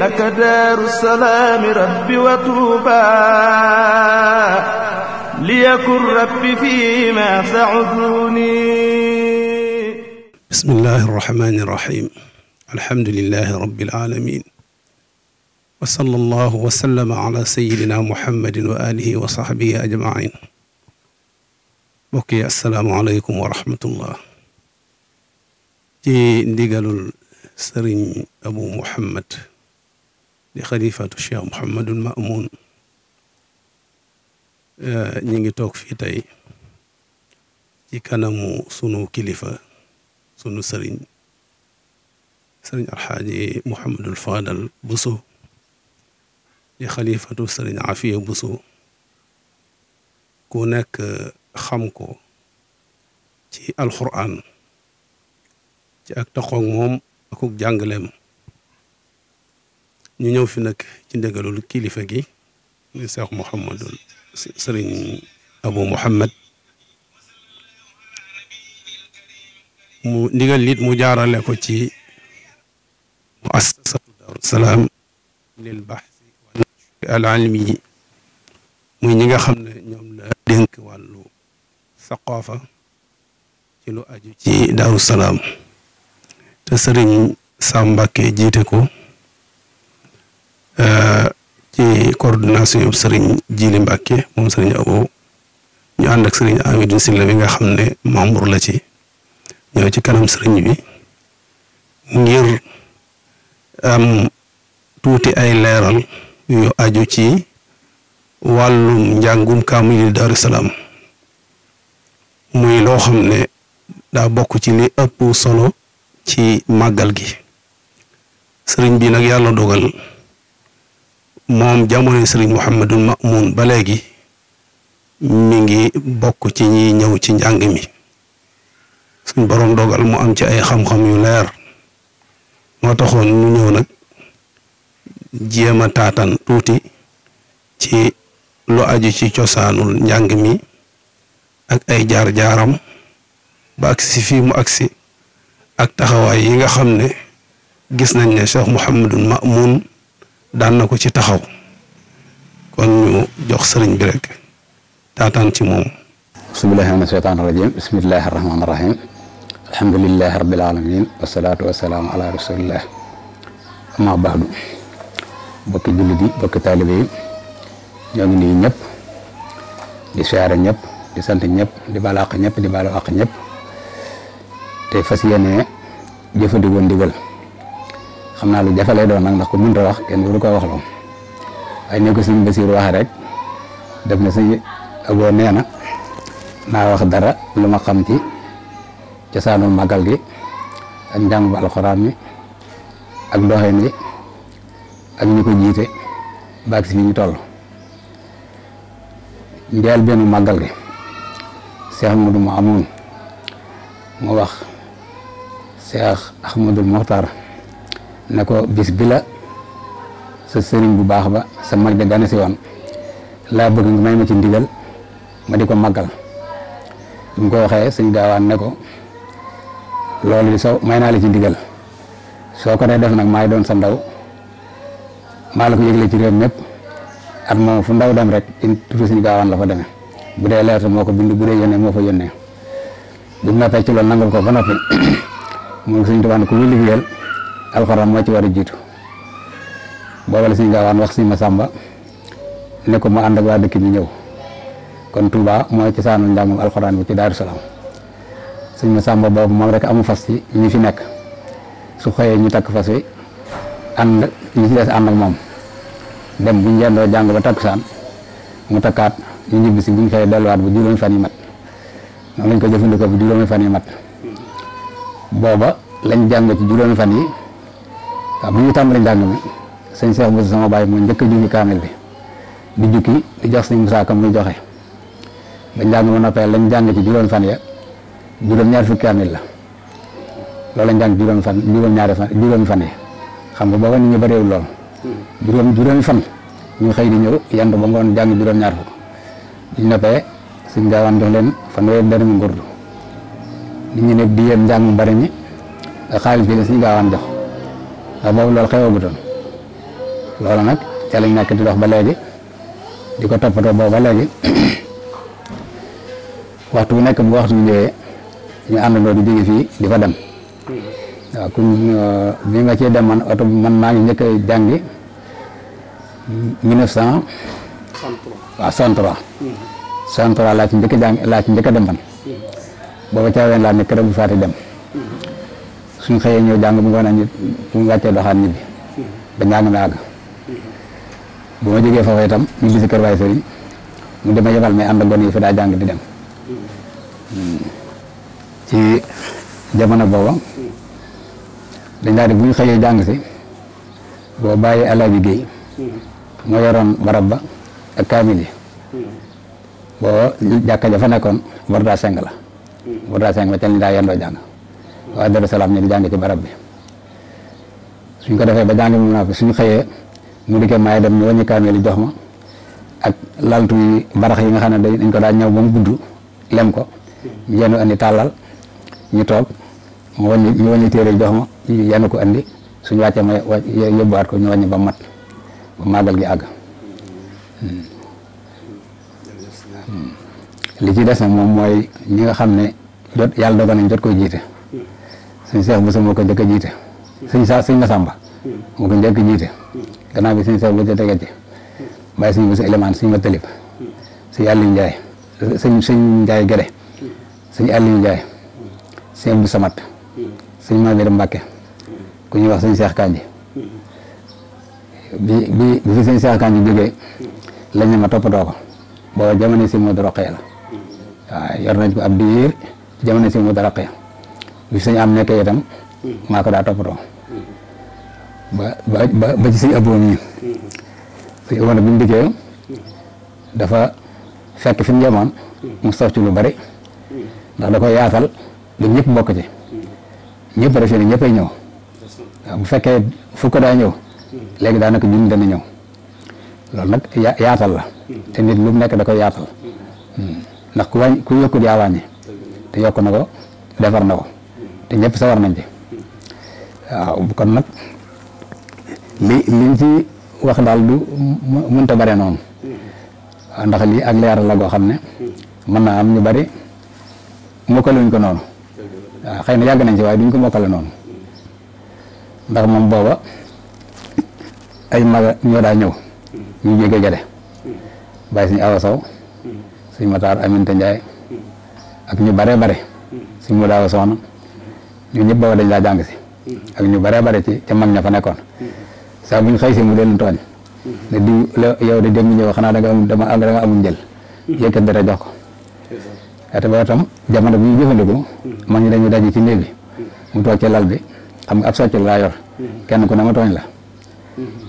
لك دار السلام رب وطوبى ليكن رب فيما سعدوني بسم الله الرحمن الرحيم الحمد لله رب العالمين وصلى الله وسلم على سيدنا محمد وآله وصحبه أجمعين mbokk yi asalaamaaleykum wa rahmatullah ci ndigalul sëriñ abu muhammad di xalifatu cheikh Mouhamadul Mamoun euh, ñi ngi toog fii tey ci kanamu sunu kilifa sunu sëriñ sëriñ alxaaji Mouhamadul Fadal Bousso di xalifatu sëriñ Afiya Bousso ku nekk xam ko ci alxuraan ci ak taxoog moom akuk jàngaleem ñu ñëw fi nag ci ndégalul kilifa gi ni Cheikh Mouhamadul sëriñ Abou Mouhammad mu ndigal nit mu jaarale ko ci muassasatu Daaru Salaam lil baxsi almi muy ñi nga xam ne ñoom la dénk wàllu saqaafa ci lu aju ci Daaru Salaam te sëriñ Sàmbakke jiite ko ci coordination bi sëriñ Jili Mbàkke moom sëriñ Abo ñu ànd ak sëriñ Amidou Silla bi nga xam ne membre la ci ñëw ci kanam sëriñ bi ngir am tuuti ay leeral yu aju ci wàllum njàngum kaamil Daaru Salaam muy loo xam ne daa bokk ci li ëpp solo ci màggal gi sëriñ bi nag yàlla dogal moom jamono sëriñ Mouhamadul Mamoun ba léegi mi ngi bokk ci ñi ñëw ci njàng mi suñ boroom dogal mu am ci ay xam-xam yu leer moo taxoon ñu ñëw nag jéem a taatan tuuti ci lu aju ci cosaanul njàng mi ak ay jaar-jaaram ba agsi fii mu agsi ak taxawaay yi nga xam ne gis nañ ne Cheikh Mouhamadul Mamoun daan na ko ci taxaw kon ñu jox sëriñ bi rek taataan ci moom bismillahi min sheytaani rajim bismillahi rahmaani rahim alhamdulillahi rabbil alamin wasalaatu wasalaamu ala rasulillah ama baadu bokki jullit yi bokki taalibe yi ñoo ngi nii ñëpp di siyaare ñëpp di sant ñëpp di balaax ñëpp di balaax ñëpp te fas yéene jëfandikoo ndigal xam naa lu jafalee doon nag ndax ko mënta wax kenn waru ko wax loo waaye ne ko sëñ Basiiru waxe rek def na sëñ Abo nee na naa wax dara lu ma xam ci cosaanu màggal gi ak njàng bu alxuraan mi ak doxin wi ak ñi ko jiite baag si fi ñu toll njël benn màggal gi Cheikh Modou Mamoun mu wax Cheikh na ko bis bi la sa sëriñ bu baax ba sa mag ja gane si woon laa bëgg nga may ma ci ndigal ma di ko maggal bi mu waxee sëñ gaawaan ne ko loolu di soo may naa la ci ndigal soo ko dee def nag maay doon sa ndaw maa la ko yëgle ci réew mépp at moom fu ndaw dem rek in tuuti sëñ gaawaan la fa demee bu dee leerta moo ko bind bu dee yónnee moo fa yónnee bu ñu noppee lool loolu nangul ko ba noppi moom sëñ Tuubaa ne ku ñu liggéeyal alxuraan moo ci war a jiitu booba la suñ gaawaan wax si ma sàmba ne ko ma ànd ak waa dëkk bi ñëw kon Touba mooy ci saanu njàngum alxuraan bi ci Daaru Salaam suñ ma sàmba boobu moom rek amu fas yi ñu fi nekk su xëyee ñu takk fas wi ànd ñi ci des ànd moom dem bu ñu yendoo jàng ba takkusaan mu takkaat ñu ñibbi bu ñu xëyee delluwaat bu juróomi fan yi mat noonu lañ ko jëfandikoo bu juróomi fan yi mat booba lañ jàng ci juróomi fan yi waaw bu ñu tàmbali njàng mi sëñ Cheikh Moussa sama bàyyi mooy njëkk a jukki kaamil bi di jukki di jox sëñ Moussa Ka muy joxe ba njàng ma noppee lañ jàng ci juróom fan ya juróom ñaar fukki kaamil la loolu lañ jàng juróom fan juróom ñaari fan juróomi fan yi xam nga booba nit ñi bëriwul lool juróom juróomi fan ñu xëy di ñëw yant ba ngoon jàng juróom ñaar fukk ñu noppee suñ gaawaan jox leen fanweer benn ngurdu nit ñi nekk di yéen njàng mu bari mi xaalis bi la suñ gaawaan jox waaw boobu loolu xewagutoon loolu nag ca lañ nekk di dox ba léegi di ko toppatoo boobu ba léegi waxtu bu nekk bu waxtu bi ñu àndandoo di jóge fii di fa dem waaw ku bi nga cee dem man oto man maa ngi njëkk a jàngi mille waa cent waaw cent trois mm-hmm. cent trois laa ci njëkk a jàng laa mm-hmm. laa nekk rek bu faati dem suñ xëyee ñëw jàng bu ngoon a ñu bu mu wàccee doxaat ñibbi ba njàng mi àgg bu ma jógee foofu itam ñu gis kër waay sëriñ mu dama yebal may ànd ak yi fi daa jàng di dem ci jamono booba dañ daal di bu ñu xëyee jàng si boo bàyyi alaaji géey moo yoroon barab ba ak kaamil yi boo jàkka ja fa nekkoon war daa seng la war daa seng la ca lañ daa yendoo jàng waa Darou Salaam ñu di jàng ci barab bi suñ ko defee ba jàng mu naa ko suñ xëyee mu dikkee maay dem ñu wàññi kaameel jox ma ak laltu yi barax yi nga xam ne dañ ko daan ñëw ba mu ko ñu tàllal ñu toog mu wàññi ñu jox ma ko andi suñ wàccee ma yóbbuwaat ko ñu wàññi ba gi àgg hmm. Hmm. ci des moom mooy ñi nga xam ne jot yàlla dogal nañ jot koy jiite suñu seex bu sa moo ko njëkk jiite suñ sa suñ masamba moo ko njëkk jiite gannaaw bi suñu seex bu sa tege ci bàyyi suñu bu sa élément suñu ma talib suñu Aliou Ndiaye suñ suñ Ndiaye Gere suñu Aliou Ndiaye suñu Abdou Samat ku ñuy wax suñu seex Kanji bi bi bi fi suñu seex Kanji jógee lañ ma toppatoo ko booba jamono si moo doroqee la waaw yor nañ ko ab diir jamono si moo doroqee bi sëñ am nekkee tam mm-hmm. maa ko daa toppatoo ba ba ba ci sëñ aboo mii mm-hmm. sëñ aboo nag bi mu mm-hmm. dafa fekk fi mu yemoon mu sof lu bari ndax da ko yaatal ba ñëpp bokk ci ñëpp refee ne ñëppay ñëw bu fekkee fukk daa ñëw léegi daanaka junni dana ñëw loolu nag yaatal la te nit lu mu nekk da koy yaatal mm. ndax ku wàññi ku yokkut yaa wàññi te yokk na ko defar na ko te ñëpp sawar nañ ci waaw kon nag li liñ ci wax daal du mënta bare noonu ndax lii ak leeral la goo xam ne mën naa am ñu bari mokkaluñ ko noonu waaw xëy na yàgg nañ ci waaye duñ ko mokkale noonu ndax moom booba ay mag ñoo daa ñëw ñu jege gade bàyyi suñu awa saw suñu mataar aminta njaay ak ñu bare bare suñu mu daawa ñu ñëpp booba dañ laa jàng si mm-hmm. ak ñu bare bare ci ca mag ña fa nekkoon mm-hmm. saa bu ñu xëy si mu deen tooñ mm-hmm. ne diw la yow de jëm ñëw xanaa da nga am dama da nga amul njël yëkkat dara jox ko te booba tam jamono bi ñu jëfandiku mag ñi dañuy ci néeg bi mu toog ci lal bi xam nga ab socc laa yor kenn ku ne ma tooñ la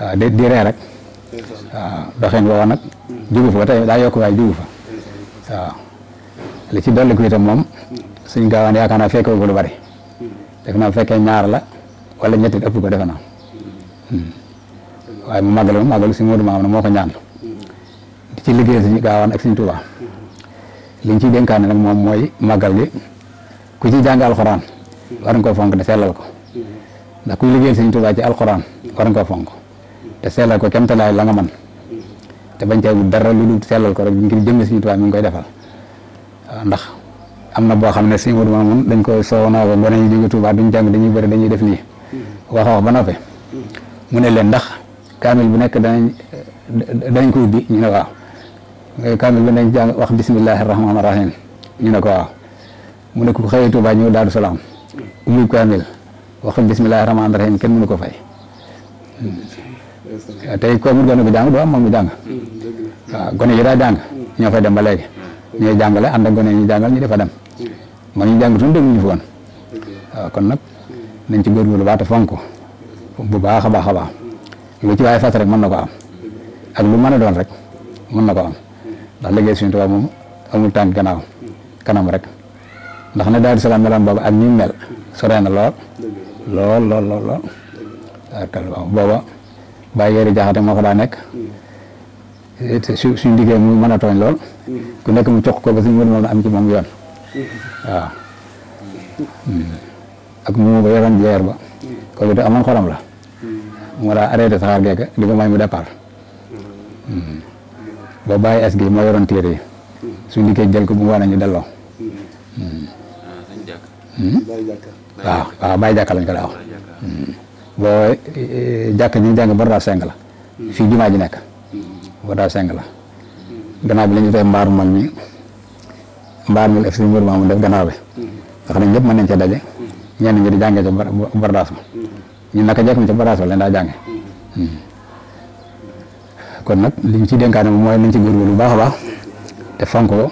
waaw di di ree rek waaw nag jugu ba tey daa yokk waaye jugu fa waaw li ci dolli ko itam moom suñ gaawaan yaakaar naa fekkoo ko lu bari defe naa bu fekkee ñaar la wala ñetti ëpp ko defe naa hmm. waaye mu màggal moom màggalu si Moodu Maam na moo ko ñaan di ci liggéeyal suñu gaawaan ak suñu Tuubaa liñ ciy dénkaane nag moom mooy màggal gi ku ci jàng alxuraan war nga koo fonk te sellal ko ndax kuy liggéeyal suñu ci alxuraan war nga fonk te sellal ko kem talaay la nga man te bañ dara lu dul sellal ko rek ngir jëmmi suñu Tuubaa mi ngi koy defal ndax am na boo xam ne si Modou Mamoun dañ koo soow naa ko gone yi jóge Touba duñ jàng dañuy bëri dañuy def lii wax wax ba noppee mu ne leen ndax kaamil bu nekk danañ ko ubbi ñu ne waaw kaamil bu nekk jàng wax bismillahi rahmaani rahim ñu ne ko waaw mu ne ku xëyee Touba ñëw Daaru Salaam ubbi kaamil wax bismillahi rahmaani rahim kenn mënu ko fay hmm. tey ko mu gone ko jàng doo am moom mu jàng hmm, gone yi daa jàng hmm. ñoo fay dem ba léegi ñooy jàngale ànd ak gone ñu jàngal ñu defa dem hmm. man ñu jàng tuuti dégg ñu fi woon hmm. ah, kon nag hmm. nañ ci lu baata fonk bu baax a baax a baax lu ci waaye fas rek mën na ko am ak lu mën a doon rek mën na ko am ndax liggéey suñu tubaab moom amul tànk gannaaw kanam rek ndax ne Daaru Salaam meloon boobu ak ñi mel soree na lool lool lool lool lool waaw booba bàyyi yëri jaxate moo fa daa nekk te su suñu liggéey mu mën a mm. ku nekk mu jox ko ba suñu mën moom na am yoon mm. Mm. ak mu ba yoroon jeer ba kooku de amoon xorom la moo daa arrêté saxaar geeka di ko may mu départ ba bàyyi es gi yoroon téere yi suñu liggéey jël ko bu waa nañu delloo ah, waaw waaw bàyyi jàkka lañ ko daa wax boo eh, eh, jàkk ñu jàng ba daa seng la fii jumaa nekk Oda Seng la gannaaw bi lañu ñu defee mbaaru mag mi mbaar mi ak suñu mbir def gannaaw bi ndax nag ñëpp mën nañ ca daje ñenn ñi di jàngee ca bardaas ma ñun daa jànge nag li ñu ciy dénkaane mooy nañ ci góorgóorlu bu baax a te fonk ko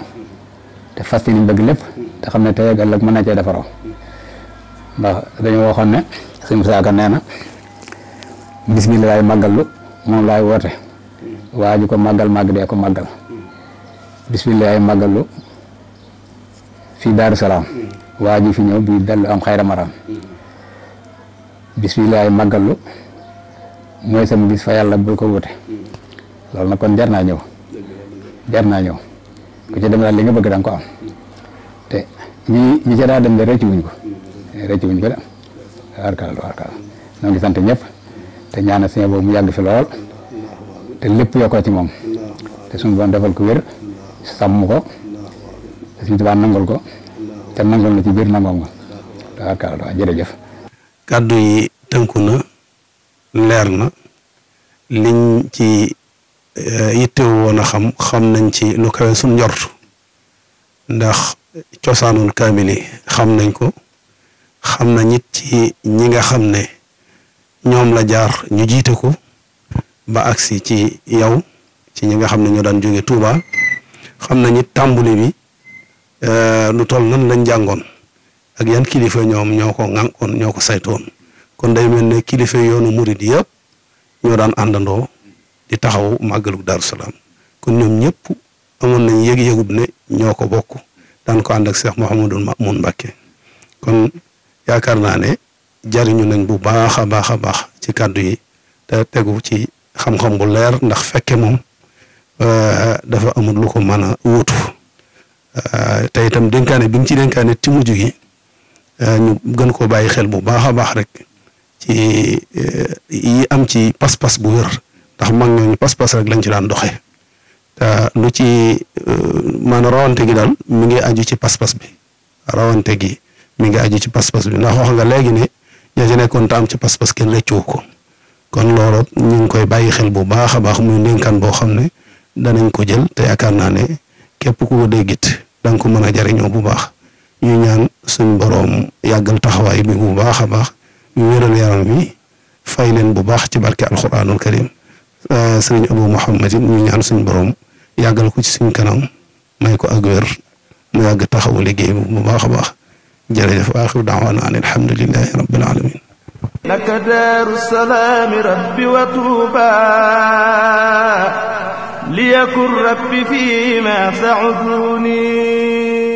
liñ bëgg lépp te xam ne mën na cee defaroo ndax dañoo waxoon ne suñu saaka nee na bis bi laay moom laay woote waa ko màggal màgg de ko màggal bisimilah màggalu fii Daaru Salaam waa ji fi ñëw bii dellu am xayra maram bisimilah màggalu mooy sama bis fa yàlla bul ko wute loolu nag kon jar naa ñëw jar naa ñëw ku ci dem bëgg da nga ko am te ñi dem de rëcc wuñ ko rëcc wuñ ko de waarkal waarkal ñoo ngi sant ñëpp te ñaanal sëñ boobu mu yàgg fi lool te lépp yokkoo ci moom te suñu borom defal ko wér sàmm ko te suñu tubaab ko te nangal na ci biir nangoom nga kàddu yi tënku na leer na liñ ci eh, yittewu woon a xam xam nañ ci lu kawe suñ njort ndax cosaanul kaamil yi xam nañ ko xam na it ci ñi nga xam ne ñoom la jaar ñu jiite ko. ba agsi ci yow ci ñi nga xam ne ñoo daan jóge Touba xam nañu tàmbuli bi euh, lu toll nan lañ jàngoon ak yan kilifa ñoom ñoo ko ŋànkoon ñoo ko saytoon kon day mel ne kilifa yoonu murid yëpp ñoo daan àndandoo di taxaw màggalu Daaru Salaam kon ñoom ñëpp amoon nañ yëg-yëgub ne ñoo ko bokk daan ko ànd ak Cheikh Mouhamadul Mamoun Mbacké kon yaakaar naa ne jariñu nañ bu baax a baax a baax ci kàddu yi te tegu ci xam-xam bu leer ndax fekke moom euh, dafa amul lu ko mën a wuutu euh, te itam denkaane bi mu ci dénkaane ci mujj gi euh, ñu gën koo bàyyi xel bu baax a baax rek ci yi am ci pas-pas bu wér ndax mag ñooñu pas-pas rek lañ ci daan doxe te lu ci man rawante gi daal mi ngi aju ci pas-pas bi rawante gi mi ngi aju ci pas-pas bi ndax wax nga léegi ne ña ci nekkoon te am ci pas-pas kenn rëccu ko kon loolu ñu ngi koy bàyyi xel bu baax a baax muy ndénkaan boo xam ne danañ ko jël te yaakaar naa ne képp ku ko déggit da nga ko mën a jariñoo bu baax ñu ñaan suñ boroom yàggal taxawaay bi bu baax a baax ñu wéral yaram bi fay leen bu baax ci barke alxuraanul karim euh, sëriñ Abu Muhammadin ñu ñaan suñ boroom yàggal ko ci suñ kanam may ko ak wér mu yàgg taxawu liggéey bu baax a baax jërëjëf aaxiru daawaana an alhamdulillahi rabbil alamin naka daaru salaami rabbi wa tuuba liyakun rabbi fi ma sauduni